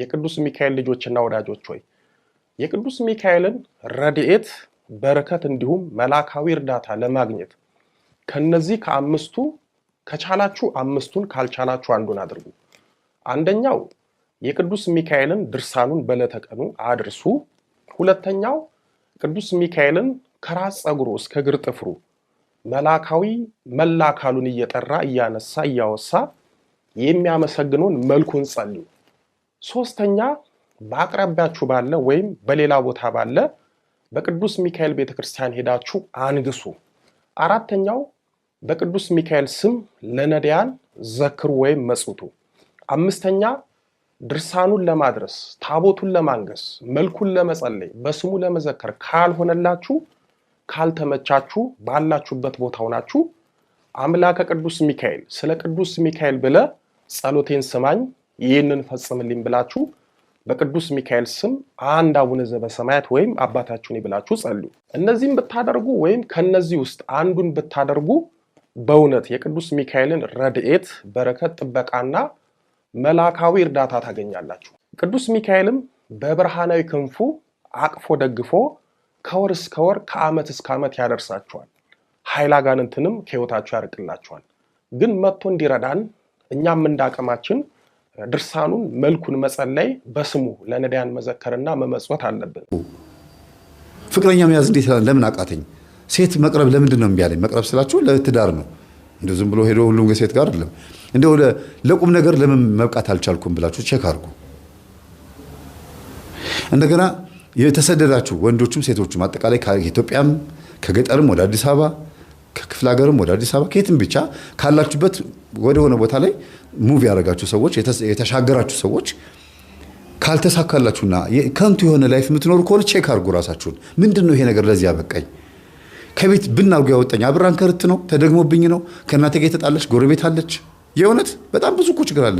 የቅዱስ ሚካኤል ልጆችና ወዳጆች ሆይ የቅዱስ ሚካኤልን ረድኤት፣ በረከት እንዲሁም መላካዊ እርዳታ ለማግኘት ከነዚህ ከአምስቱ ከቻላችሁ አምስቱን ካልቻላችሁ አንዱን አድርጉ። አንደኛው የቅዱስ ሚካኤልን ድርሳኑን በለተቀኑ አድርሱ። ሁለተኛው ቅዱስ ሚካኤልን ከራስ ጸጉሩ እስከ ግር ጥፍሩ መላካዊ መላ አካሉን እየጠራ እያነሳ እያወሳ የሚያመሰግነውን መልኩን ጸልዩ። ሶስተኛ በአቅራቢያችሁ ባለ ወይም በሌላ ቦታ ባለ በቅዱስ ሚካኤል ቤተክርስቲያን ሄዳችሁ አንግሱ። አራተኛው በቅዱስ ሚካኤል ስም ለነዳያን ዘክሩ ወይም መጽቱ። አምስተኛ ድርሳኑን ለማድረስ ታቦቱን ለማንገስ መልኩን ለመጸለይ በስሙ ለመዘከር ካልሆነላችሁ ካልተመቻችሁ ባላችሁበት ቦታ ሆናችሁ አምላከ ቅዱስ ሚካኤል ስለ ቅዱስ ሚካኤል ብለ ጸሎቴን ስማኝ ይህንን ፈጽምልኝ ብላችሁ በቅዱስ ሚካኤል ስም አንድ አቡነ ዘበሰማያት ወይም አባታችሁን ብላችሁ ጸልዩ። እነዚህም ብታደርጉ ወይም ከነዚህ ውስጥ አንዱን ብታደርጉ በእውነት የቅዱስ ሚካኤልን ረድኤት፣ በረከት፣ ጥበቃና መላካዊ እርዳታ ታገኛላችሁ። ቅዱስ ሚካኤልም በብርሃናዊ ክንፉ አቅፎ ደግፎ ከወር እስከ ወር ከዓመት እስከ ዓመት ያደርሳችኋል። ኃይል አጋንንትንም ከሕይወታችሁ ያርቅላችኋል። ግን መጥቶ እንዲረዳን እኛም እንዳቅማችን ድርሳኑን መልኩን መጸለይ በስሙ ለነዳያን መዘከርና መመጽወት አለብን። ፍቅረኛ መያዝ እንዴት ለምን አቃተኝ? ሴት መቅረብ ለምንድን ነው የሚያለኝ? መቅረብ ስላችሁ ለትዳር ነው። እንደ ዝም ብሎ ሄዶ ሁሉም ሴት ጋር አይደለም። እንደው ለቁም ነገር ለምን መብቃት አልቻልኩም ብላችሁ ቼክ አድርጉ። እንደገና የተሰደዳችሁ ወንዶችም ሴቶችም አጠቃላይ ከኢትዮጵያም ከገጠርም ወደ አዲስ አበባ ከክፍለ ሀገርም ወደ አዲስ አበባ ከየትም ብቻ ካላችሁበት ወደ ሆነ ቦታ ላይ ሙቭ ያደረጋችሁ ሰዎች የተሻገራችሁ ሰዎች ካልተሳካላችሁና ከንቱ የሆነ ላይፍ የምትኖሩ ከሆነ ቼክ አድርጉ ራሳችሁን። ምንድን ነው ይሄ ነገር ለዚህ ያበቃኝ? ከቤት ብናርጉ ያወጣኝ አብራን ከርት ነው ተደግሞብኝ ነው ከእናቴ ጋር የተጣለች ጎረቤት አለች። የእውነት በጣም ብዙ እኮ ችግር አለ።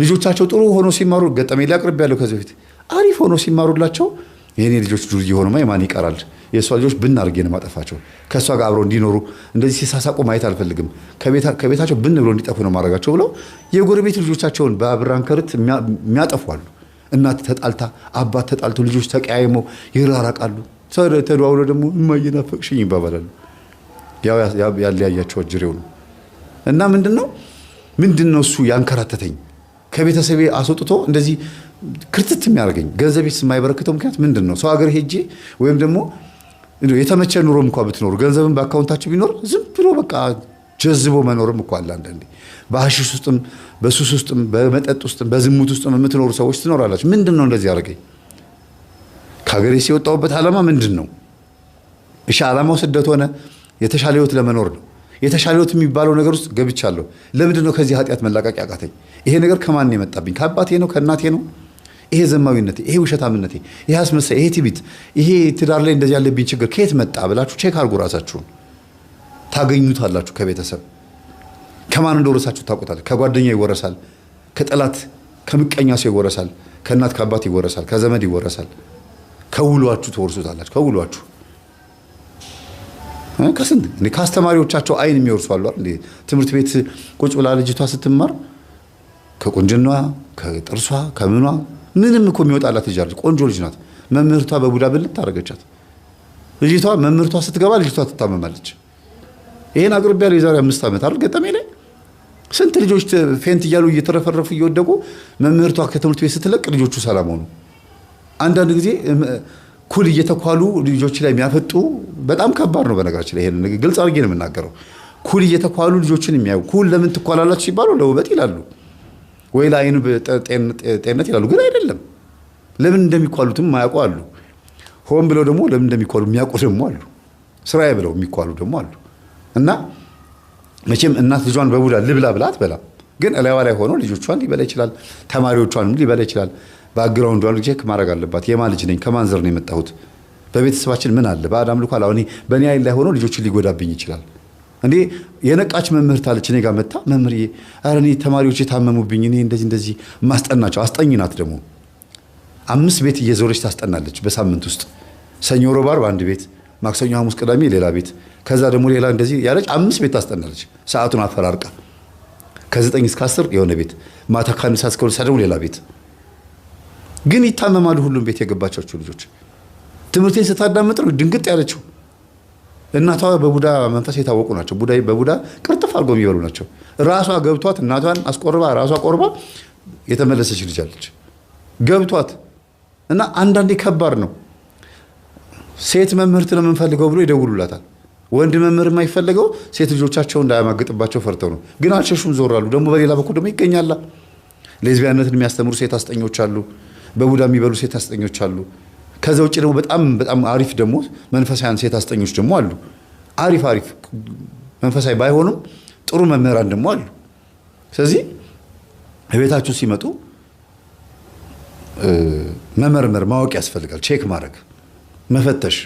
ልጆቻቸው ጥሩ ሆኖ ሲማሩ ገጠሜ ሊያቅርብ ያለው ከዚህ በፊት አሪፍ ሆኖ ሲማሩላቸው የኔ ልጆች ዱርዬ ሆኖማ የማን ይቀራል የእሷ ልጆች ብን አድርጌ ነው ማጠፋቸው። ከእሷ ጋር አብረው እንዲኖሩ እንደዚህ ሲሳሳቁ ማየት አልፈልግም። ከቤታቸው ብን ብሎ እንዲጠፉ ነው ማድረጋቸው ብለው የጎረቤት ልጆቻቸውን በአብራን ከርት የሚያጠፉ አሉ። እናት ተጣልታ፣ አባት ተጣልቶ፣ ልጆች ተቀያይመው ይራራቃሉ። ተደዋውሎ ደግሞ እማየናፈቅሽኝ ይባባላሉ። ያው ያለያያቸው ጅሬው ነው እና ምንድን ነው ምንድን ነው እሱ ያንከራተተኝ ከቤተሰቤ አስወጥቶ እንደዚህ ክርትት የሚያደርገኝ ገንዘቤ የማይበረክተው ምክንያት ምንድን ነው? ሰው ሀገር ሄጄ ወይም ደግሞ የተመቸ ኑሮም እንኳ ብትኖሩ ገንዘብም በአካውንታችሁ ቢኖር ዝም ብሎ በቃ ጀዝቦ መኖርም እኮ አለ። አንዳንዴ በሐሺሽ ውስጥም በሱስ ውስጥም በመጠጥ ውስጥም በዝሙት ውስጥም የምትኖሩ ሰዎች ትኖራላችሁ። ምንድን ነው እንደዚህ ያደረገኝ? ከሀገሬ የወጣሁበት ዓላማ ምንድን ነው? እሺ ዓላማው ስደት ሆነ፣ የተሻለ ህይወት ለመኖር ነው። የተሻለ ህይወት የሚባለው ነገር ውስጥ ገብቻለሁ። ለምንድን ነው ከዚህ ኃጢአት መላቀቅ ያቃተኝ? ይሄ ነገር ከማን የመጣብኝ? ከአባቴ ነው? ከእናቴ ነው? ይሄ ዘማዊነት ይሄ ውሸታምነት ይሄ አስመሳይ፣ ይሄ ትቢት ይሄ ትዳር ላይ እንደዚህ ያለብኝ ችግር ከየት መጣ ብላችሁ ቼክ አድርጉ። ራሳችሁን ታገኙታላችሁ። ከቤተሰብ ከማን እንደወረሳችሁ ታውቁታል። ከጓደኛ ይወረሳል፣ ከጠላት ከምቀኛ ሰው ይወረሳል፣ ከእናት ከአባት ይወረሳል፣ ከዘመድ ይወረሳል። ከውሏችሁ ተወርሱታላችሁ። ከውሏችሁ ከስንት እንዴ ከአስተማሪዎቻቸው አይን የሚወርሱ አሉ አይደል? ትምህርት ቤት ቁጭ ብላ ልጅቷ ስትማር ከቁንጅኗ ከጥርሷ ከምኗ ምንም እኮ የሚወጣላት ልጅ አለች። ቆንጆ ልጅ ናት። መምህርቷ በቡዳ ብልት ታደረገቻት። ልጅቷ መምህርቷ ስትገባ ልጅቷ ትታመማለች። ይህን አቅርቢ አቅርቤያለሁ የዛሬ አምስት ዓመት አይደል ገጠሜ ላይ ስንት ልጆች ፌንት እያሉ እየተረፈረፉ እየወደቁ መምህርቷ ከትምህርት ቤት ስትለቅ ልጆቹ ሰላም ሆኑ። አንዳንድ ጊዜ ኩል እየተኳሉ ልጆች ላይ የሚያፈጡ በጣም ከባድ ነው። በነገራችን ላይ ይሄን ግልጽ አድርጌ ነው የምናገረው። ኩል እየተኳሉ ልጆችን የሚያዩ ኩል ለምን ትኳላላችሁ ሲባሉ ለውበት ይላሉ። ወይ ለአይን ጤንነት ይላሉ፣ ግን አይደለም። ለምን እንደሚኳሉትም ማያውቁ አሉ። ሆን ብለው ደግሞ ለምን እንደሚኳሉ የሚያውቁ ደግሞ አሉ። ስራ ብለው የሚኳሉ ደግሞ አሉ። እና መቼም እናት ልጇን በቡዳ ልብላ ብላ አትበላም። ግን እላይዋ ላይ ሆኖ ልጆቿን ሊበላ ይችላል፣ ተማሪዎቿንም ሊበላ ይችላል። በአግራውንድ ዷን ቼክ ማድረግ አለባት። የማ ልጅ ነኝ? ከማንዘር ነው የመጣሁት? በቤተሰባችን ምን አለ? በአዳም ልኳል። አሁን በእኔ አይን ላይ ሆኖ ልጆችን ሊጎዳብኝ ይችላል። እንዴ የነቃች መምህርት አለች እኔ ጋር መታ መምህር ኧረ እኔ ተማሪዎች የታመሙብኝ እኔ እንደዚህ እንደዚህ ማስጠናቸው አስጠኝ ናት ደግሞ አምስት ቤት እየዞረች ታስጠናለች በሳምንት ውስጥ ሰኞ፣ ሮብ፣ ዓርብ አንድ ቤት፣ ማክሰኞ፣ ሐሙስ፣ ቅዳሜ ሌላ ቤት፣ ከዛ ደግሞ ሌላ እንደዚህ ያለች አምስት ቤት ታስጠናለች። ሰዓቱን አፈራርቃ ከዘጠኝ እስከ አስር የሆነ ቤት ማታ ከአንድ ሰዓት እስከ ሁለት ደግሞ ሌላ ቤት። ግን ይታመማሉ ሁሉም ቤት የገባቻቸው ልጆች ትምህርቴን ስታዳምጥ ነው ድንግጥ ያለችው። እናቷ በቡዳ መንፈስ የታወቁ ናቸው። ቡዳ በቡዳ ቅርጥፍ አድርጎ የሚበሉ ናቸው። ራሷ ገብቷት እናቷን አስቆርባ ራሷ ቆርባ የተመለሰች ልጅ አለች። ገብቷት እና አንዳንዴ ከባድ ነው። ሴት መምህርት ነው የምንፈልገው ብሎ ይደውሉላታል። ወንድ መምህር የማይፈልገው ሴት ልጆቻቸው እንዳያማግጥባቸው ፈርተው ነው። ግን አልሸሹም፣ ዞራሉ። ደግሞ በሌላ በኩል ደግሞ ይገኛላ። ሌዝቢያነትን የሚያስተምሩ ሴት አስጠኞች አሉ። በቡዳ የሚበሉ ሴት አስጠኞች አሉ። ከዛ ውጭ ደግሞ በጣም በጣም አሪፍ ደግሞ መንፈሳዊያን ሴት አስጠኞች ደግሞ አሉ። አሪፍ አሪፍ መንፈሳዊ ባይሆኑም ጥሩ መምህራን ደግሞ አሉ። ስለዚህ ቤታችሁ ሲመጡ መመርመር፣ ማወቅ ያስፈልጋል። ቼክ ማድረግ፣ መፈተሽ፣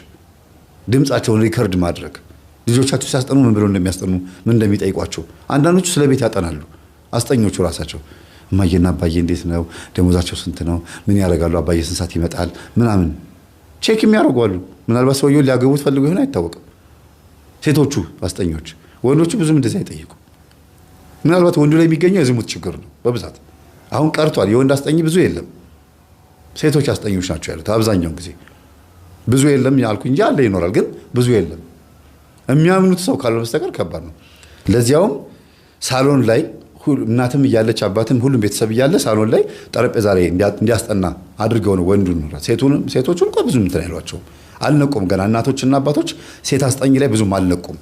ድምፃቸውን ሪከርድ ማድረግ ልጆቻቸው ሲያስጠኑ ምን ብለው እንደሚያስጠኑ ምን እንደሚጠይቋቸው። አንዳንዶቹ ስለ ቤት ያጠናሉ አስጠኞቹ ራሳቸው። እማዬና አባዬ እንዴት ነው? ደሞዛቸው ስንት ነው? ምን ያደርጋሉ? አባዬ ስንት ሰዓት ይመጣል? ምናምን ቼክ የሚያደርጉ አሉ ምናልባት ሰውየውን ሊያገቡት ፈልጉ ይሆን አይታወቅም። ሴቶቹ አስጠኞች፣ ወንዶቹ ብዙም እንደዚህ አይጠይቁ። ምናልባት ወንዱ ላይ የሚገኘው የዝሙት ችግር ነው በብዛት አሁን ቀርቷል። የወንድ አስጠኝ ብዙ የለም። ሴቶች አስጠኞች ናቸው ያሉት አብዛኛውን ጊዜ ብዙ የለም ያልኩ እንጂ አለ ይኖራል፣ ግን ብዙ የለም። የሚያምኑት ሰው ካለ በስተቀር ከባድ ነው። ለዚያውም ሳሎን ላይ እናትም እያለች አባትም ሁሉም ቤተሰብ እያለ ሳሎን ላይ ጠረጴዛ ላይ እንዲያስጠና አድርገው ነው ወንዱን። ሴቶቹን እንኳ ብዙ ምትን አይሏቸውም፣ አልነቁም። ገና እናቶችና አባቶች ሴት አስጠኝ ላይ ብዙም አልነቁም።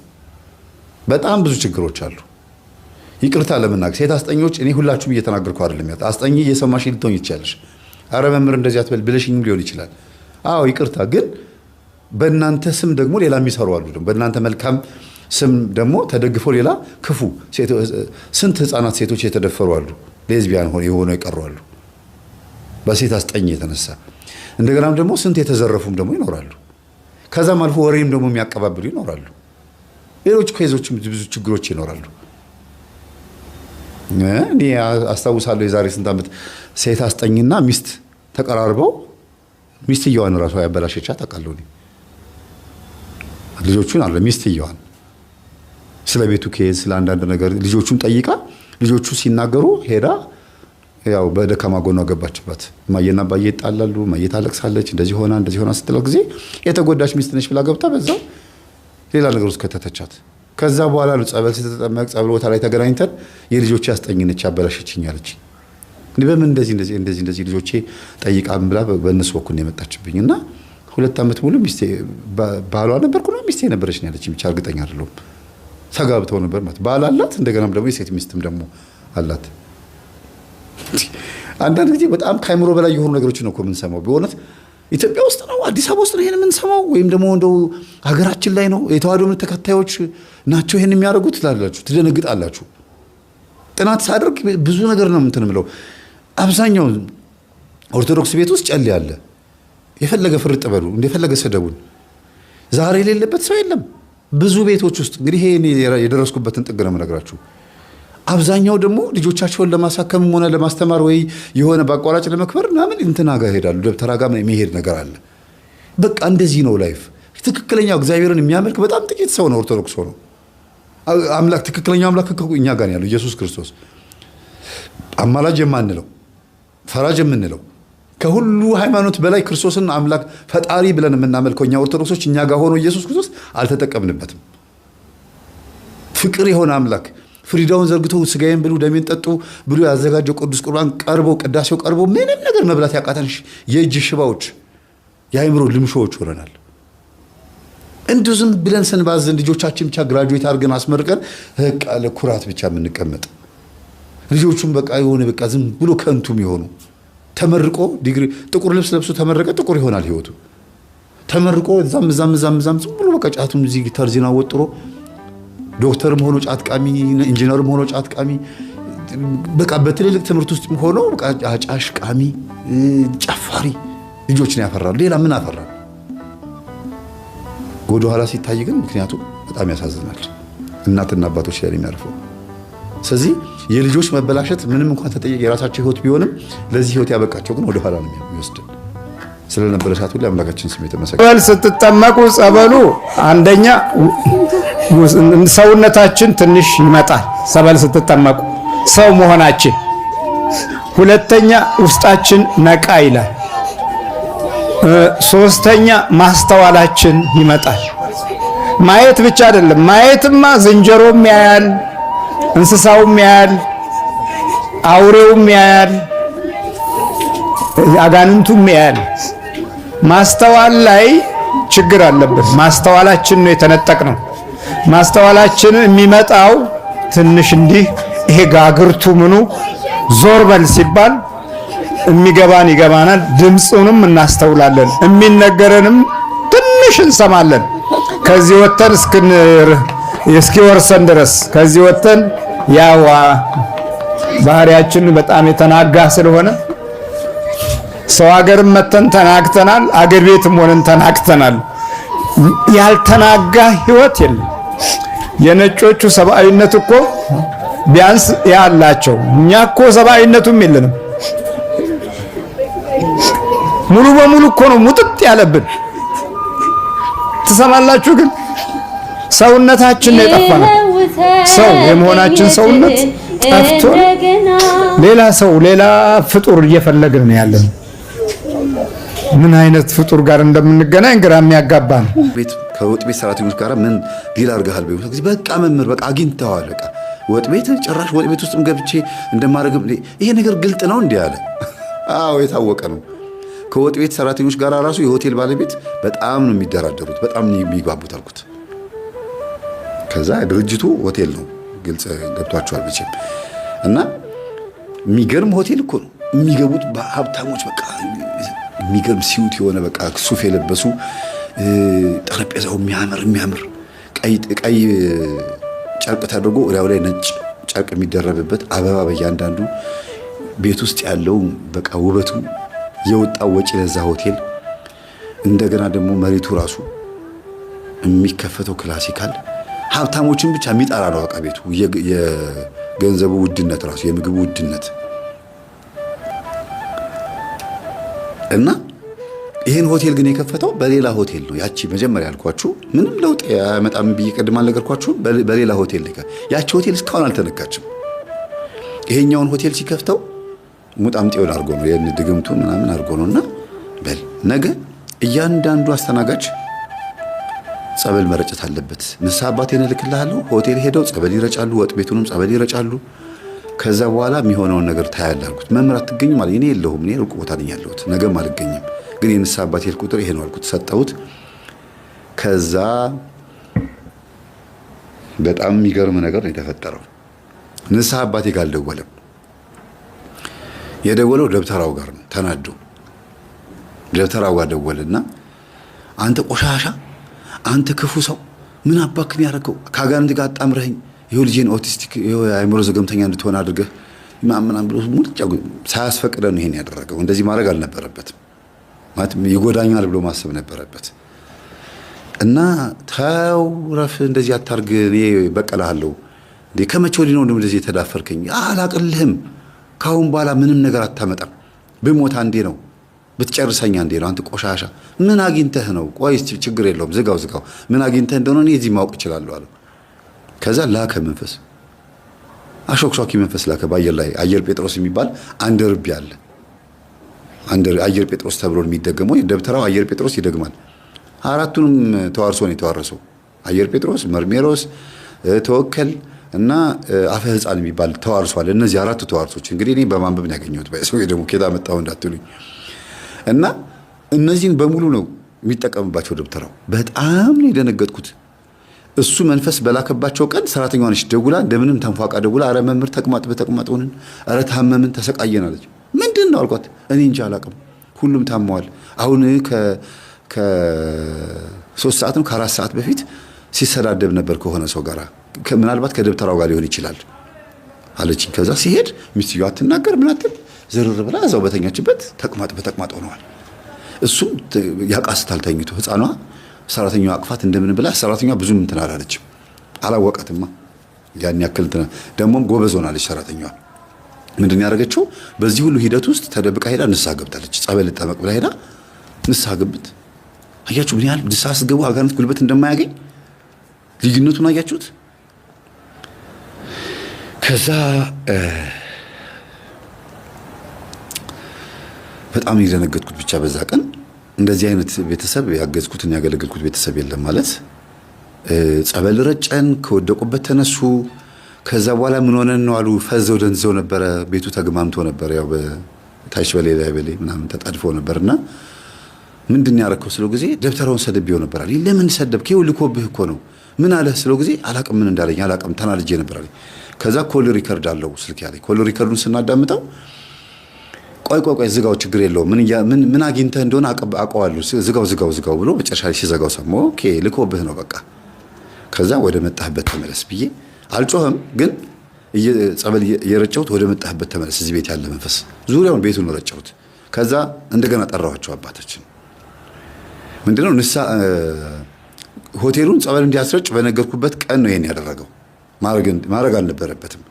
በጣም ብዙ ችግሮች አሉ። ይቅርታ ለመናገር ሴት አስጠኞች እኔ ሁላችሁም እየተናገርኩ አይደለም። ያት አስጠኝ እየሰማሽ ልትሆኝ ይቻለሽ። አረ መምህር እንደዚህ አትበል ብለሽኝም ሊሆን ይችላል። አዎ ይቅርታ። ግን በእናንተ ስም ደግሞ ሌላ የሚሰሩ አሉ። በእናንተ መልካም ስም ደግሞ ተደግፎ ሌላ ክፉ ስንት ህፃናት ሴቶች የተደፈሩ አሉ። ሌዝቢያን የሆነ የቀሩ አሉ። በሴት አስጠኝ የተነሳ እንደገናም ደግሞ ስንት የተዘረፉም ደግሞ ይኖራሉ። ከዛም አልፎ ወሬም ደግሞ የሚያቀባብሉ ይኖራሉ። ሌሎች ከዞችም ብዙ ችግሮች ይኖራሉ። እኔ አስታውሳለሁ የዛሬ ስንት ዓመት ሴት አስጠኝና ሚስት ተቀራርበው ሚስትየዋን እራሷ ያበላሸቻት አውቃለሁ። ልጆቹን አለ ሚስትየዋን ስለ ቤቱ ኬዝ፣ ስለ አንዳንድ ነገር ልጆቹን ጠይቃ ልጆቹ ሲናገሩ ሄዳ ያው በደካማ ጎኗ ገባችበት። ማየና ባዬ ይጣላሉ፣ ማየት ታለቅሳለች፣ እንደዚህ ሆና እንደዚህ ሆና ስትለው ጊዜ የተጎዳች ሚስት ነች ብላ ገብታ በዛ ሌላ ነገር ውስጥ ከተተቻት። ከዛ በኋላ ነው ጸበል ስትጠመቅ ጸበል ቦታ ላይ ተገናኝተን የልጆች የልጆቼ አስጠኝነች ያበላሸችኛለች በምን እንደዚህ እንደዚህ እንደዚህ እንደዚህ ልጆቼ ጠይቃም ብላ በእነሱ በኩል ነው የመጣችብኝ እና ሁለት ዓመት ሙሉ ሚስቴ ባሏ ነበርኩ ነው ሚስቴ ነበረች ያለች። ብቻ እርግጠኛ አይደለሁም። ተጋብተው ነበር ማለት ባል አላት፣ እንደገናም ደግሞ የሴት ሚስትም ደግሞ አላት። አንዳንድ ጊዜ በጣም ከአይምሮ በላይ የሆኑ ነገሮች ነው እኮ የምንሰማው። በእውነት ኢትዮጵያ ውስጥ ነው አዲስ አበባ ውስጥ ነው ይሄን የምንሰማው፣ ወይም ደግሞ እንደው ሀገራችን ላይ ነው የተዋህዶ እምነት ተከታዮች ናቸው ይህን የሚያደርጉት ትላላችሁ፣ ትደነግጣላችሁ። ጥናት ሳደርግ ብዙ ነገር ነው እንትን የምለው። አብዛኛው ኦርቶዶክስ ቤት ውስጥ ጨሌ አለ። የፈለገ ፍርጥ በሉ እንደፈለገ ሰደቡን። ዛሬ የሌለበት ሰው የለም። ብዙ ቤቶች ውስጥ እንግዲህ ይሄ የደረስኩበትን ጥግ ነው የምነግራችሁ። አብዛኛው ደግሞ ልጆቻቸውን ለማሳከምም ሆነ ለማስተማር ወይ የሆነ በአቋራጭ ለመክበር ምናምን እንትና ጋር ይሄዳሉ። ደብተራ ጋር የሚሄድ ነገር አለ። በቃ እንደዚህ ነው ላይፍ። ትክክለኛው እግዚአብሔርን የሚያመልክ በጣም ጥቂት ሰው ነው፣ ኦርቶዶክስ ሆኖ አምላክ ትክክለኛው አምላክ እኛ ጋር ያለው ኢየሱስ ክርስቶስ አማላጅ የማንለው ፈራጅ የምንለው ከሁሉ ሃይማኖት በላይ ክርስቶስን አምላክ ፈጣሪ ብለን የምናመልከው እኛ ኦርቶዶክሶች እኛ ጋር ሆኖ ኢየሱስ ክርስቶስ አልተጠቀምንበትም። ፍቅር የሆነ አምላክ ፍሪዳውን ዘርግቶ ስጋዬን ብሉ ደሜን ጠጡ ብሎ ያዘጋጀው ቅዱስ ቁርባን ቀርቦ ቅዳሴው ቀርቦ ምንም ነገር መብላት ያቃተን የእጅ ሽባዎች የአይምሮ ልምሾዎች ሆነናል። እንዲሁ ዝም ብለን ስንባዝን ልጆቻችን ብቻ ግራጁዌት አድርገን አስመርቀን ለኩራት ብቻ የምንቀመጥ ልጆቹም በቃ የሆነ በቃ ዝም ብሎ ከንቱም የሆኑ ተመርቆ ዲግሪ ጥቁር ልብስ ለብሶ ተመረቀ፣ ጥቁር ይሆናል ህይወቱ። ተመርቆ እዛም እዛም እዛም እዛም ዝም ብሎ በቃ ጫቱን እዚህ ጊታር ዜና ወጥሮ ዶክተርም ሆኖ ጫት ቃሚ፣ ኢንጂነርም ሆኖ ጫት ቃሚ፣ በቃ በትልልቅ ትምህርት ውስጥ ሆኖ አጫሽ ቃሚ፣ ጨፋሪ ልጆች ነው ያፈራሉ። ሌላ ምን አፈራል? ጎዶ ኋላ ሲታይ ግን ምክንያቱ በጣም ያሳዝናል። እናትና አባቶች ላይ የሚያርፈው ስለዚህ የልጆች መበላሸት ምንም እንኳን ተጠየቅ የራሳቸው ህይወት ቢሆንም ለዚህ ህይወት ያበቃቸው ግን ወደኋላ ነው የሚወስድን። ስለነበረ ሰዓት ሁሉ አምላካችን ስም የተመሰገነ። ስትጠመቁ ጸበሉ አንደኛ ሰውነታችን ትንሽ ይመጣል፣ ጸበል ስትጠመቁ ሰው መሆናችን። ሁለተኛ ውስጣችን ነቃ ይላል። ሶስተኛ ማስተዋላችን ይመጣል። ማየት ብቻ አይደለም፣ ማየትማ ዝንጀሮም ያያል እንስሳውም ያያል፣ አውሬውም ያያል፣ አጋንንቱም ያያል። ማስተዋል ላይ ችግር አለብን። ማስተዋላችን ነው የተነጠቅ ነው። ማስተዋላችን የሚመጣው ትንሽ እንዲህ ይሄ ጋግርቱ ምኑ ዞር በል ሲባል የሚገባን ይገባናል፣ ድምፁንም እናስተውላለን፣ የሚነገረንም ትንሽ እንሰማለን። ከዚህ ወጥተን እስክንር እስኪ ወርሰን ድረስ ከዚህ ወጥተን ያው ባህሪያችን በጣም የተናጋ ስለሆነ ሰው ሀገርም መተን ተናግተናል። አገር ቤትም ሆነን ተናግተናል። ያልተናጋ ህይወት የለም። የነጮቹ ሰብአዊነት እኮ ቢያንስ ያላቸው፣ እኛ እኮ ሰብአዊነቱም የለንም። ሙሉ በሙሉ እኮ ነው ሙጥጥ ያለብን። ትሰማላችሁ ግን ሰውነታችን ነው የጠፋነው። ሰው የመሆናችን ሰውነት ጠፍቶ ሌላ ሰው ሌላ ፍጡር እየፈለግን ነው ያለን። ምን አይነት ፍጡር ጋር እንደምንገናኝ ግራ የሚያጋባ ነው። ቤት ከወጥ ቤት ሰራተኞች ጋር ምን ዲል አድርገሃል? በቃ መምህር በቃ አግኝተዋል በቃ ወጥ ቤት ጭራሽ ወጥ ቤት ውስጥም ገብቼ እንደማድረግም ይሄ ነገር ግልጥ ነው እንዲህ አለ። አዎ የታወቀ ነው። ከወጥ ቤት ሰራተኞች ጋር ራሱ የሆቴል ባለቤት በጣም ነው የሚደራደሩት፣ በጣም የሚግባቡት አልኩት። ከዛ ድርጅቱ ሆቴል ነው፣ ግልጽ ገብቷቸዋል መቼም። እና የሚገርም ሆቴል እኮ ነው የሚገቡት በሀብታሞች በቃ የሚገርም ሲዩት የሆነ በቃ ሱፍ የለበሱ ጠረጴዛው የሚያምር የሚያምር ቀይ ጨርቅ ተደርጎ ወዲያው ላይ ነጭ ጨርቅ የሚደረብበት አበባ በእያንዳንዱ ቤት ውስጥ ያለው በቃ ውበቱ የወጣው ወጪ ለዛ ሆቴል እንደገና ደግሞ መሬቱ ራሱ የሚከፈተው ክላሲካል ሀብታሞችን ብቻ የሚጠራ ነው። በቃ ቤቱ የገንዘቡ ውድነት ራሱ የምግቡ ውድነት እና ይህን ሆቴል ግን የከፈተው በሌላ ሆቴል ነው። ያቺ መጀመሪያ ያልኳችሁ ምንም ለውጥ ያመጣም ብዬ ቅድም አልነገርኳችሁ። በሌላ ሆቴል ነው። ያቺ ሆቴል እስካሁን አልተነካችም። ይሄኛውን ሆቴል ሲከፍተው ሙጣም ጤውን አድርጎ ነው ድግምቱ ምናምን አድርጎ ነው እና በል ነገ እያንዳንዱ አስተናጋጅ ጸበል መረጨት አለበት። ንስሐ አባቴን እልክልሃለሁ። ሆቴል ሄደው ጸበል ይረጫሉ፣ ወጥ ቤቱንም ጸበል ይረጫሉ። ከዛ በኋላ የሚሆነውን ነገር ታያለህ አልኩት። መምህር አትገኝም አለ። እኔ የለሁም፣ እኔ ሩቅ ቦታ ነኝ ያለሁት፣ ነገም አልገኝም። ግን የንስሐ አባቴ ቁጥር ይሄ ነው አልኩት፣ ሰጠሁት። ከዛ በጣም የሚገርም ነገር ነው የተፈጠረው። ንስሐ አባቴ ጋር አልደወለም። የደወለው ደብተራው ጋር ነው። ተናዶ ደብተራው ጋር ደወለና አንተ ቆሻሻ አንተ ክፉ ሰው ምን አባክን ያደረገው ከአጋንንት ጋር አጣምረኸኝ ይሁ ልጄን ኦቲስቲክ አእምሮ ዘገምተኛ እንድትሆን አድርገህ ምናምን ብሎ ሙልጫ ነው ይሄን ያደረገው እንደዚህ ማድረግ አልነበረበትም። ማለት ይጎዳኛል ብሎ ማሰብ ነበረበት። እና ተው ረፍ፣ እንደዚህ አታርግ፣ እኔ በቀልሃለሁ። ከመቼ ወዲህ ነው እንደዚህ የተዳፈርከኝ? አላቅልህም። ካሁን በኋላ ምንም ነገር አታመጣም። ብሞት አንዴ ነው ብትጨርሰኛ እንዴ ነው አንተ ቆሻሻ? ምን አግኝተህ ነው? ቆይ ችግር የለውም ዝጋው ዝጋው። ምን አግኝተህ እንደሆነ እኔ እዚህ ማወቅ እችላለሁ አለ ከዛ ላከ መንፈስ፣ አሾክሿኪ መንፈስ ላከ በአየር ላይ። አየር ጴጥሮስ የሚባል አንድ ርቢ አለ። አየር ጴጥሮስ ተብሎ የሚደገመው ደብተራው አየር ጴጥሮስ ይደግማል። አራቱንም ተዋርሶ ነው የተዋረሰው። አየር ጴጥሮስ፣ መርሜሮስ፣ ተወከል እና አፈ ህፃን የሚባል ተዋርሷል። እነዚህ አራቱ ተዋርሶች እንግዲህ እኔ በማንበብ ነው ያገኘሁት። ሰው ደግሞ ኬታ መጣሁ እንዳትሉኝ እና እነዚህን በሙሉ ነው የሚጠቀምባቸው ደብተራው። በጣም ነው የደነገጥኩት። እሱ መንፈስ በላከባቸው ቀን ሰራተኛዋ ነች ደውላ፣ እንደምንም ተንፏቃ ደውላ፣ አረ መምህር ተቅማጥ በተቅማጥ ሆንን፣ አረ ታመምን፣ ተሰቃየን አለች። ምንድን ነው አልኳት። እኔ እንጂ አላቅም፣ ሁሉም ታመዋል። አሁን ከሶስት ሰዓትም ከአራት ሰዓት በፊት ሲሰዳደብ ነበር ከሆነ ሰው ጋር፣ ምናልባት ከደብተራው ጋር ሊሆን ይችላል አለችኝ። ከዛ ሲሄድ ሚስትየዋ አትናገር ምን ዝርር ብላ እዛው በተኛችበት ተቅማጥ በተቅማጥ ሆነዋል። እሱም ያቃስታል ተኝቶ። ህፃኗ ሰራተኛ አቅፋት እንደምን ብላ ሰራተኛ ብዙም እንትን አላለችም፣ አላወቀትማ ያን ያክል ደግሞም ጎበዝ ሆናለች ሰራተኛዋ። ምንድን ያደረገችው በዚህ ሁሉ ሂደት ውስጥ ተደብቃ ሄዳ ንስሐ ገብታለች። ጸበል ልጠመቅ ብላ ሄዳ ንስሐ ገብት። አያችሁ ምን ያህል ንስሐ ስትገቡ አጋንንት ጉልበት እንደማያገኝ ልዩነቱን አያችሁት? ከዛ በጣም የደነገጥኩት ብቻ በዛ ቀን እንደዚህ አይነት ቤተሰብ ያገዝኩትን ያገለገልኩት ቤተሰብ የለም ማለት ጸበል ረጨን፣ ከወደቁበት ተነሱ። ከዛ በኋላ ምን ሆነን ነው አሉ። ፈዘው ደንዘው ነበረ። ቤቱ ተግማምቶ ነበር። ያው በታች በሌ ላይ በሌ ምናምን ተጣድፎ ነበርና ምንድን ያረከው ስለው ጊዜ ደብተራውን ሰደብዮ ነበር አለኝ። ለምን ሰደብክ? ይኸው ልኮብህ እኮ ነው። ምን አለህ ስለው ጊዜ አላቅም፣ ምን እንዳለኝ አላቅም፣ ተናድጄ ነበር አለኝ። ከዛ ኮል ሪከርድ አለው ስልክ ያለ ኮል ሪከርዱን ስናዳምጠው ቆይ ቆይ ቆይ ዝጋው፣ ችግር የለው ምን ምን አግኝተህ እንደሆነ አውቀዋለሁ፣ ዝጋው ዝጋው ዝጋው ብሎ መጨረሻ ሲዘጋው ሰሞ ኦኬ ልኮብህ ነው በቃ ከዛ ወደ መጣህበት ተመለስ ብዬ አልጮህም፣ ግን ጸበል የረጨሁት ወደ መጣህበት ተመለስ፣ እዚህ ቤት ያለ መንፈስ ዙሪያውን ቤቱን ረጨሁት። ከዛ እንደገና ጠራኋቸው አባታችን ምንድነው ንሳ ሆቴሉን ጸበል እንዲያስረጭ በነገርኩበት ቀን ነው ይሄን ያደረገው። ማድረግ አልነበረበትም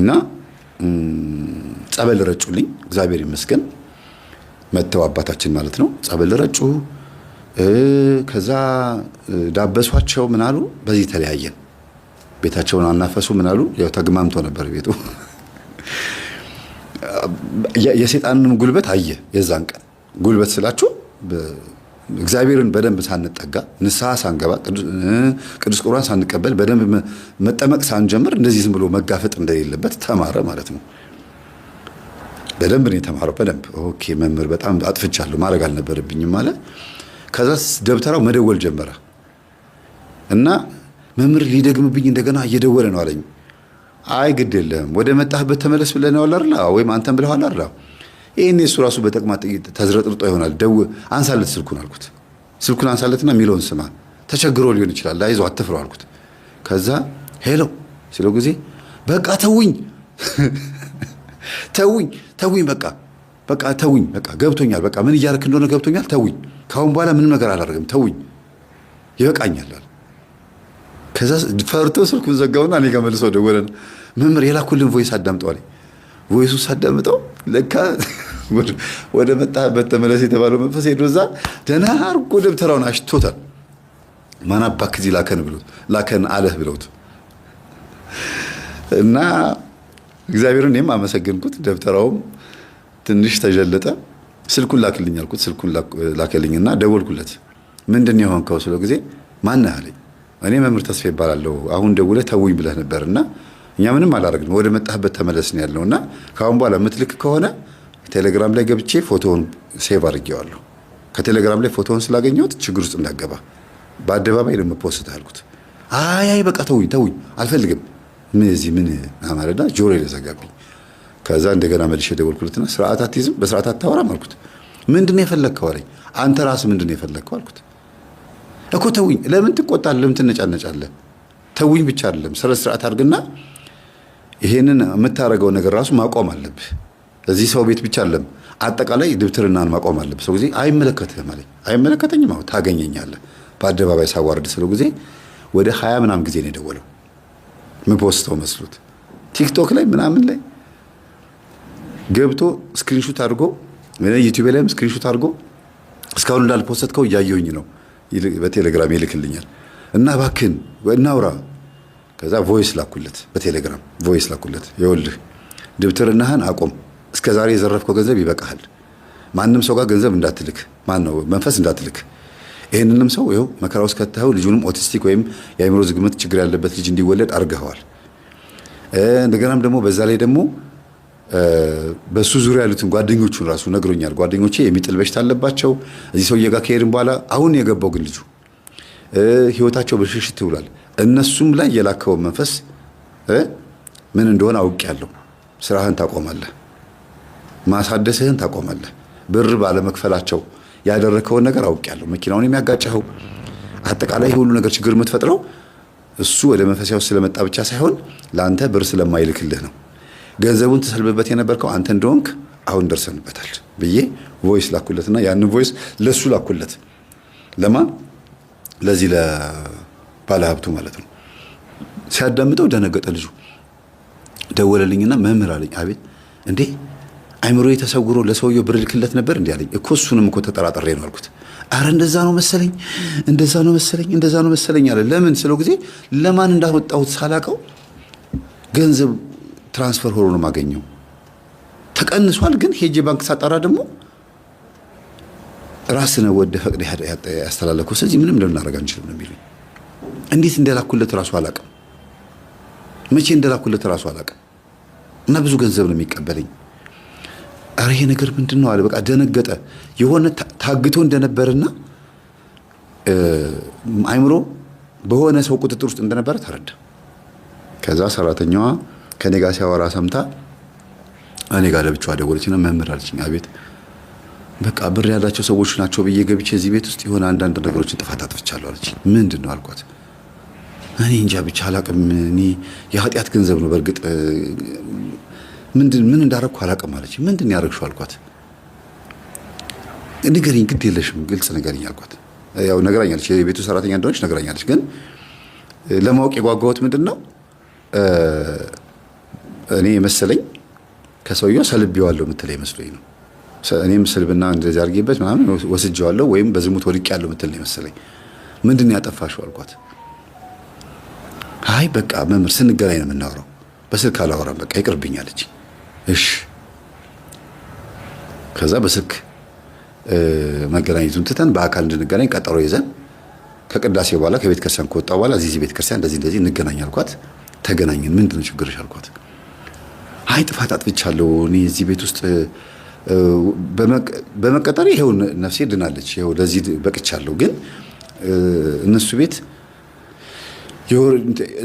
እና ጸበል ረጩልኝ። እግዚአብሔር ይመስገን መተው አባታችን ማለት ነው። ጸበል ረጩ። ከዛ ዳበሷቸው ምናሉ። በዚህ ተለያየን። ቤታቸውን አናፈሱ ምናሉ። ያው ተግማምቶ ነበር ቤቱ። የሴጣንን ጉልበት አየ። የዛን ቀን ጉልበት ስላችሁ እግዚአብሔርን በደንብ ሳንጠጋ ንስሐ ሳንገባ ቅዱስ ቁርባን ሳንቀበል በደንብ መጠመቅ ሳንጀምር እንደዚህ ዝም ብሎ መጋፈጥ እንደሌለበት ተማረ ማለት ነው። በደንብ ነው የተማረው። በደንብ ኦኬ፣ መምህር በጣም አጥፍቻለሁ ማድረግ አልነበረብኝም አለ። ከዛስ ደብተራው መደወል ጀመረ እና መምህር ሊደግምብኝ እንደገና እየደወለ ነው አለኝ። አይ ግድ የለም ወደ መጣህበት ተመለስ ብለነዋል አይደል? ወይም አንተም ብለዋል አይደል? ይሄኔ እሱ ራሱ በጠቅማ ጥቂት ተዝረጥርጦ ይሆናል። ደው አንሳለት ስልኩን አልኩት። ስልኩን አንሳለትና የሚለውን ስማ፣ ተቸግሮ ሊሆን ይችላል፣ ላይዞ አትፍረው አልኩት። ከዛ ሄሎ ሲለው ጊዜ በቃ ተውኝ ተውኝ ተውኝ፣ በቃ በቃ ተውኝ፣ በቃ ገብቶኛል፣ በቃ ምን እያደረክ እንደሆነ ገብቶኛል፣ ተውኝ፣ ካሁን በኋላ ምንም ነገር አላደርግም፣ ተውኝ፣ ይበቃኛል አለ። ከዛ ፈርቶ ስልኩን ዘጋውና እኔ ጋር መልሶ ደወለና መምህር የላኩልን ቮይስ አዳምጠዋል። ቮይሱ ሳዳምጠው ለካ ወደ መጣህበት ተመለስ የተባለው መንፈስ ሄዶ እዛ ደህና አድርጎ ደብተራውን አሽቶታል። ማን አባክ እዚህ ላከን ብሎት ላከን አለህ ብለውት እና እግዚአብሔርን እኔም አመሰገንኩት። ደብተራውም ትንሽ ተጀለጠ። ስልኩን ላክልኝ አልኩት። ስልኩን ላከልኝና ደወልኩለት። ምንድን ነው የሆንከው ስለ ጊዜ ማን አለኝ። እኔ መምህር ተስፋ ይባላለሁ። አሁን ደውለህ ተውኝ ብለህ ነበር እና እኛ ምንም አላደረግንም ወደ መጣህበት ተመለስ ነው ያለው እና ከአሁን በኋላ ምትልክ ከሆነ ቴሌግራም ላይ ገብቼ ፎቶውን ሴቭ አድርጌዋለሁ። ከቴሌግራም ላይ ፎቶውን ስላገኘሁት ችግር ውስጥ እንዳገባ በአደባባይ ነው የምፖስት አልኩት። አይ አይ በቃ ተውኝ ተውኝ አልፈልግም ምን እዚህ ምን አማረና ከዛ እንደገና መልሼ ደወልኩለትና ስርዓት አትይዝም፣ በስርዓት አታወራም አልኩት። ምንድን ነው የፈለግከው አለኝ። አንተ ራስህ ምንድን ነው የፈለግከው አልኩት። እኮ ተውኝ፣ ለምን ትቆጣለህ? ለምን ትነጫነጫለህ? ተውኝ ብቻ አይደለም ስረ ስርዓት አድርግና ይሄንን የምታደርገው ነገር ራሱ ማቆም አለብህ። እዚህ ሰው ቤት ብቻ አለም አጠቃላይ ድብትርናን ማቆም አለብህ። ሰው ጊዜ አይመለከትህም አለኝ። አይመለከተኝም፣ አሁን ታገኘኛለህ በአደባባይ ሳዋርድ ስለው ጊዜ ወደ ሀያ ምናምን ጊዜ ነው የደወለው ምፖስተው መስሎት ቲክቶክ ላይ ምናምን ላይ ገብቶ ስክሪንሹት አድርጎ ዩቲዩብ ላይም ስክሪንሹት አድርጎ እስካሁን እንዳልፖሰትከው እያየሁኝ ነው፣ በቴሌግራም ይልክልኛል እና ባክን እናውራ። ከዛ ቮይስ ላኩለት፣ በቴሌግራም ቮይስ ላኩለት። ይኸውልህ ድብትርናህን አቁም፣ እስከ ዛሬ የዘረፍከው ገንዘብ ይበቃሃል። ማንም ሰው ጋር ገንዘብ እንዳትልክ፣ ማን ነው መንፈስ እንዳትልክ ይህንንም ሰው ይኸው መከራ ውስጥ ከተኸው ልጁንም ኦቲስቲክ ወይም የአእምሮ ዝግመት ችግር ያለበት ልጅ እንዲወለድ አድርገኸዋል። እንደገናም ደግሞ በዛ ላይ ደግሞ በሱ ዙሪያ ያሉትን ጓደኞቹን ራሱ ነግሮኛል። ጓደኞቼ የሚጥል በሽታ አለባቸው። እዚህ ሰውዬ ጋር ከሄድን በኋላ አሁን የገባው ግን ልጁ ህይወታቸው በሽሽት ይውላል። እነሱም ላይ የላከው መንፈስ ምን እንደሆነ አውቄያለሁ። ስራህን ታቆማለህ፣ ማሳደስህን ታቆማለህ፣ ብር ባለመክፈላቸው ያደረከውን ነገር አውቄያለሁ። መኪናውን የሚያጋጨኸው አጠቃላይ የሁሉ ነገር ችግር የምትፈጥረው እሱ ወደ መንፈሳዊ ስለመጣ ብቻ ሳይሆን ለአንተ ብር ስለማይልክልህ ነው። ገንዘቡን ተሰልብበት የነበርከው አንተ እንደሆንክ አሁን ደርሰንበታል ብዬ ቮይስ ላኩለትና ያንን ቮይስ ለሱ ላኩለት። ለማን? ለዚህ ለባለሀብቱ ማለት ነው። ሲያዳምጠው ደነገጠ ልጁ። ደወለልኝና መምህር አለኝ። አቤት እንዴ አይምሮ የተሰውሮ ለሰውየው ብር ልክለት ነበር እንዲ አለኝ እኮ እሱንም እኮ ተጠራጥሬ ነው አልኩት። አረ እንደዛ ነው መሰለኝ እንደዛ ነው መሰለኝ እንደዛ ነው መሰለኝ አለ። ለምን ስለው ጊዜ ለማን እንዳወጣሁት ሳላቀው ገንዘብ ትራንስፈር ሆኖ ነው የማገኘው። ተቀንሷል፣ ግን ሄጅ ባንክ ሳጣራ ደግሞ ራስነ ወደ ፈቅድ ያስተላለከው ስለዚህ ምንም ልናደርግ አንችልም ነው የሚሉኝ። እንዴት እንደላኩለት ራሱ አላቅም፣ መቼ እንደላኩለት ራሱ አላቅም። እና ብዙ ገንዘብ ነው የሚቀበለኝ ኧረ ይሄ ነገር ምንድን ነው አለ። በቃ ደነገጠ። የሆነ ታግቶ እንደነበርና አይምሮ በሆነ ሰው ቁጥጥር ውስጥ እንደነበረ ተረዳ። ከዛ ሰራተኛዋ ከኔ ጋር ሲያወራ ሰምታ እኔ ጋር ለብቻዋ ደወለችና መምህር አለችኝ። አቤት በቃ ብር ያላቸው ሰዎች ናቸው ብዬ ገብቼ እዚህ ቤት ውስጥ የሆነ አንዳንድ ነገሮችን ጥፋት አጥፍቻለሁ አለች። ምንድን ነው አልኳት። እኔ እንጃ ብቻ አላቅም። እኔ የኃጢአት ገንዘብ ነው በእርግጥ ምንድን ምን እንዳረግኩ አላውቅም አለች። ምንድን ያደረግሽው አልኳት። ንገሪኝ፣ ግድ የለሽም ግልጽ ንገሪኝ አልኳት። ያው ነግራኛለች፣ የቤቱ ሰራተኛ እንደሆነች ነግራኛለች። ግን ለማወቅ የጓጓሁት ምንድን ነው እኔ የመሰለኝ ከሰውየው ሰልቤዋለሁ የምትለኝ ይመስለኝ ነው። እኔም ስልብና እንደዚህ አድርጌበት ምናምን ወስጄዋለሁ ወይም በዝሙት ወድቄያለሁ የምትል ነው የመሰለኝ። ምንድን ነው ያጠፋሽው አልኳት። አይ በቃ መምህር ስንገናኝ ነው የምናወራው፣ በስልክ አላወራም፣ በቃ ይቅርብኛለች። እሺ ከዛ በስልክ መገናኘቱን ትተን በአካል እንድንገናኝ ቀጠሮ ይዘን ከቅዳሴ በኋላ ከቤተ ክርስቲያን ከወጣ በኋላ እዚህ እዚህ ቤተ ክርስቲያን እንደዚህ እንደዚህ እንገናኝ አልኳት። ተገናኝን። ምንድን ነው ችግርሽ አልኳት። አይ ጥፋት አጥፍቻለሁ እኔ እዚህ ቤት ውስጥ በመቀጠር ይሄው ነፍሴ ድናለች፣ ይሄው ለዚህ በቅቻለሁ። ግን እነሱ ቤት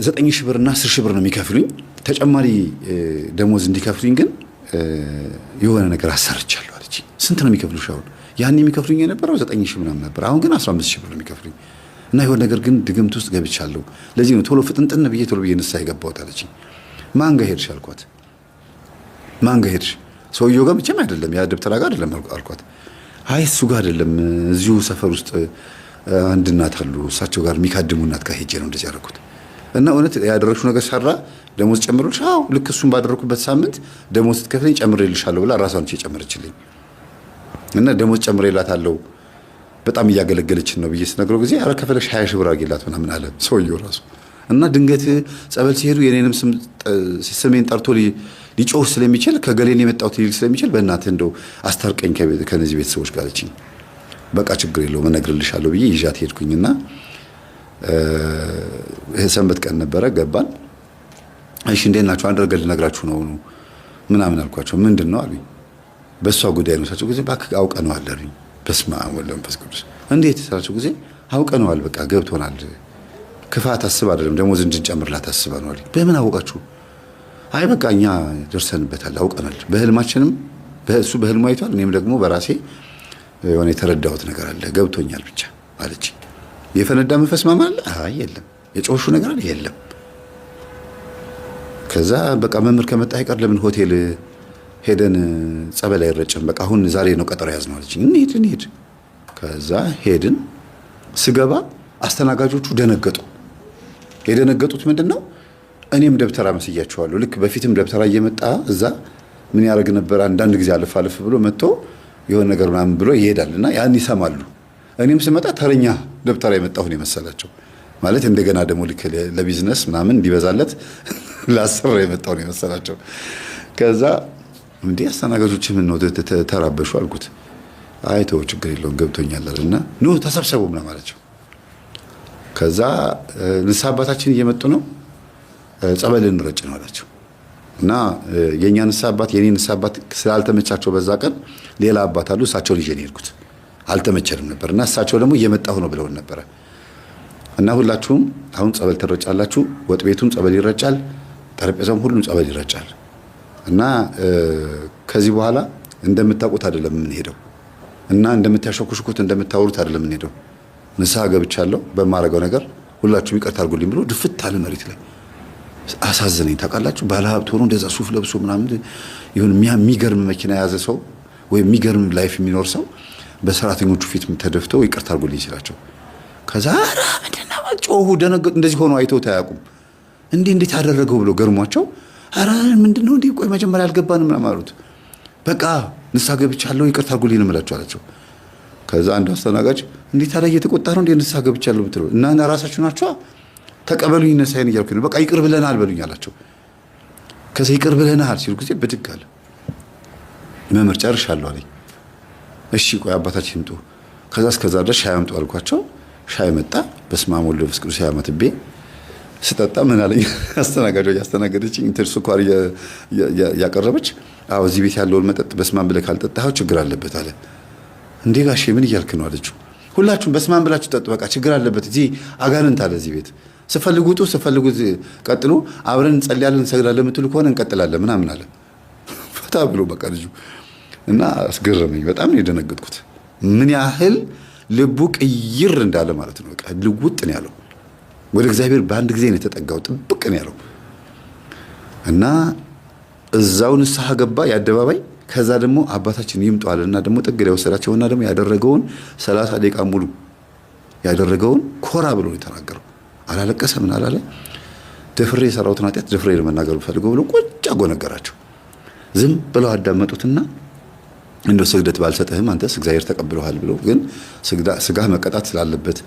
ዘጠኝ ሺህ እና አስር ሺህ ብር ነው የሚከፍሉኝ። ተጨማሪ ደሞዝ እንዲከፍሉኝ ግን የሆነ ነገር አሰርቻለሁ አለች። ስንት ነው የሚከፍሉሽ አሁን? ያን የሚከፍሉኝ የነበረው ዘጠኝ ሺህ ምናምን ነበር። አሁን ግን አስራ አምስት ሺህ ብር ነው የሚከፍሉኝ እና የሆነ ነገር ግን ድግምት ውስጥ ገብቻለሁ። ለዚህ ነው ቶሎ ፍጥንጥን ብዬ ቶሎ ብዬ ንስሓ የገባሁት አለች። ማን ጋር ሄድሽ አልኳት። ማን ጋር ሄድሽ? ሰውየው ጋር መቼም አይደለም ያ ደብተራ ጋር አይደለም አልኳት። አይ እሱ ጋር አይደለም እዚሁ ሰፈር ውስጥ አንድ እናት አሉ እሳቸው ጋር የሚካድሙ እናት ጋር ሄጄ ነው እንደዚህ ያደረኩት። እና እውነት ያደረግሽው ነገር ሰራ ደሞዝ ጨምሮልሽ? አዎ ልክ እሱን ባደረኩበት ሳምንት ደሞዝ ስትከፍለኝ ጨምሬልሻለሁ ብላ ራሷን የጨመረችልኝ እና ደሞዝ ጨምሬላታለሁ በጣም እያገለገለችን ነው ብዬ ስነግረው ጊዜ አረ ከፈለግሽ ሀያ ሺህ ብር አድርጌላት ምናምን አለ ሰውየው ራሱ እና ድንገት ጸበል ሲሄዱ የኔንም ስሜን ጠርቶ ሊጮህ ስለሚችል ከገሌን የመጣሁት ሊል ስለሚችል በእናትህ እንደው አስታርቀኝ ከነዚህ ቤተሰቦች ጋር አለችኝ። በቃ ችግር የለውም እነግርልሻለሁ ብዬ ይዣት ሄድኩኝና ሰንበት ቀን ነበረ። ገባን። እሺ እንዴት ናቸው? አንድ ነገር ልነግራችሁ ነው ምናምን አልኳቸው። ምንድን ነው አሉኝ። በእሷ ጉዳይ ነው ሳቸው ጊዜ እባክህ አውቀነዋል አሉኝ። በስመ አብ ወወልድ ወመንፈስ ቅዱስ። እንዴት ሳቸው ጊዜ አውቀነዋል፣ በቃ ገብቶናል። ክፋት አስብ አይደለም ደሞዝ እንድንጨምርላት አስባ ነው አለኝ። በምን አወቃችሁ? አይ በቃ እኛ ደርሰንበታል፣ አውቀናል። በህልማችንም እሱ በህልሙ አይቷል፣ እኔም ደግሞ በራሴ የሆነ የተረዳሁት ነገር አለ ገብቶኛል ብቻ አለች። የፈነዳ መንፈስ ማማል የለም፣ የጮሹ ነገር አለ የለም። ከዛ በቃ መምህር ከመጣ ይቀር ለምን ሆቴል ሄደን ጸበል አይረጭም? በቃ አሁን ዛሬ ነው ቀጠሮ ያዝነው አለች። እንሄድ እንሄድ። ከዛ ሄድን። ስገባ አስተናጋጆቹ ደነገጡ። የደነገጡት ምንድን ነው? እኔም ደብተራ መስያቸዋለሁ። ልክ በፊትም ደብተራ እየመጣ እዛ ምን ያደርግ ነበር? አንዳንድ ጊዜ አልፍ አልፍ ብሎ መጥቶ የሆነ ነገር ምናምን ብሎ ይሄዳል እና ያን ይሰማሉ። እኔም ስመጣ ተረኛ ደብተራ የመጣሁን የመሰላቸው ማለት እንደገና ደግሞ ልክ ለቢዝነስ ምናምን እንዲበዛለት ለአስር የመጣሁን የመሰላቸው። ከዛ እንዲህ አስተናጋጆች ምን ነው ተራበሹ አልኩት። አይተው ችግር የለውም ገብቶኛል እና ኑ ተሰብሰቡ ምና ማለቸው። ከዛ ንስሐ አባታችን እየመጡ ነው ጸበል እንረጭ ነው አላቸው። እና የእኛ ንስሓ አባት የኔ ንስ አባት ስላልተመቻቸው በዛ ቀን ሌላ አባት አሉ እሳቸውን ይዤ ነው የሄድኩት። አልተመቸንም ነበር እና እሳቸው ደግሞ እየመጣሁ ነው ብለውን ነበረ እና ሁላችሁም አሁን ጸበል ትረጫላችሁ። ወጥ ቤቱም ጸበል ይረጫል፣ ጠረጴዛም ሁሉም ጸበል ይረጫል። እና ከዚህ በኋላ እንደምታውቁት አይደለም የምንሄደው እና እንደምታሸኩሽኩት እንደምታወሩት አይደለም የምንሄደው። ንስሓ ገብቻለሁ በማረገው ነገር ሁላችሁም ይቅርታ አድርጉልኝ ብሎ ድፍት አለ መሬት ላይ አሳዘነኝ። ታውቃላችሁ፣ ባለሀብት ሆኖ እንደዛ ሱፍ ለብሶ ምናምን ይሁን የሚገርም መኪና የያዘ ሰው ወይም የሚገርም ላይፍ የሚኖር ሰው በሰራተኞቹ ፊት ተደፍተው ይቅርታ አድርጎልኝ ሲላቸው፣ ከዛ ኧረ ምንድን ነው ጮሁ፣ ደነገጡ። እንደዚህ ሆኖ አይተው ታያቁም እንዴ እንዴት ያደረገው ብሎ ገርሟቸው፣ ኧረ ምንድን ነው እንዲህ፣ ቆይ መጀመሪያ አልገባንም ምናምን አሉት። በቃ ንስሐ ገብቻለሁ ይቅርታ አድርጎልኝ ነው የምላቸው አላቸው። ከዛ አንዱ አስተናጋጅ እንዴት አለ እየተቆጣ ነው እንዴ ንስሐ ገብቻለሁ ብትለው እና ራሳችሁ ናቸዋ? ተቀበሉኝ ነሳይን እያልኩ ነው። በቃ ይቅር ብለናል በሉኝ አላቸው። ከዚ ይቅር ብለናል ሲሉ ጊዜ ብድግ አለ መምህር፣ ጨርሻለሁ አለኝ። እሺ ቆይ አባታችን ይምጡ፣ ከዛ እስከዛ ድረስ ሻይ አምጡ አልኳቸው። ሻይ መጣ። በስመ አብ ወወልድ ወመንፈስ ቅዱስ አመትቤ ስጠጣ ምን አለኝ አስተናጋጇ እያስተናገደች እንትን ስኳር እያቀረበች አዎ እዚህ ቤት ያለውን መጠጥ በስመ አብ ብለህ ካልጠጣኸው ችግር አለበት አለ። እንዴ ጋሼ ምን እያልክ ነው አለችው። ሁላችሁም በስመ አብ ብላችሁ ጠጡ፣ በቃ ችግር አለበት እዚህ አጋንንት አለ እዚህ ቤት ስፈልጉ ውጡ፣ ስፈልጉ ቀጥሉ፣ አብረን እንጸልያለን፣ እንሰግዳለን የምትሉ ከሆነ እንቀጥላለን ምናምን አለ። ፈታ ብሎ በቃ ልጁ እና አስገረመኝ። በጣም ነው የደነገጥኩት። ምን ያህል ልቡ ቅይር እንዳለ ማለት ነው። በቃ ልውጥ ነው ያለው። ወደ እግዚአብሔር በአንድ ጊዜ ነው የተጠጋው። ጥብቅ ነው ያለው እና እዛው ንስሐ ገባ የአደባባይ ከዛ ደግሞ አባታችን ይምጧል እና ደግሞ ጥግ የወሰዳቸውና ደግሞ ያደረገውን ሰላሳ ደቂቃ ሙሉ ያደረገውን ኮራ ብሎ ነው የተናገረው። አላለቀሰ ምን አላለ። ደፍሬ የሰራሁትን ኃጢአት ደፍሬ ለመናገር ፈልገው ብሎ ቁጭ አጎነገራቸው። ዝም ብለው አዳመጡትና እንደ ስግደት ባልሰጠህም አንተስ እግዚአብሔር ተቀብለዋል ብሎ ግን ስጋ መቀጣት ስላለበት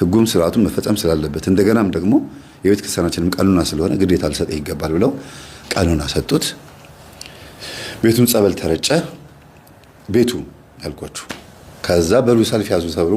ህጉም ስርዓቱም መፈጸም ስላለበት እንደገናም ደግሞ የቤተ ክርስቲያናችንም ቀኑና ስለሆነ ግዴታ ልሰጥህ ይገባል ብለው ቀኑና ሰጡት። ቤቱን ጸበል ተረጨ። ቤቱ ያልኳችሁ ከዛ በሉ ሰልፍ ያዙ ተብሎ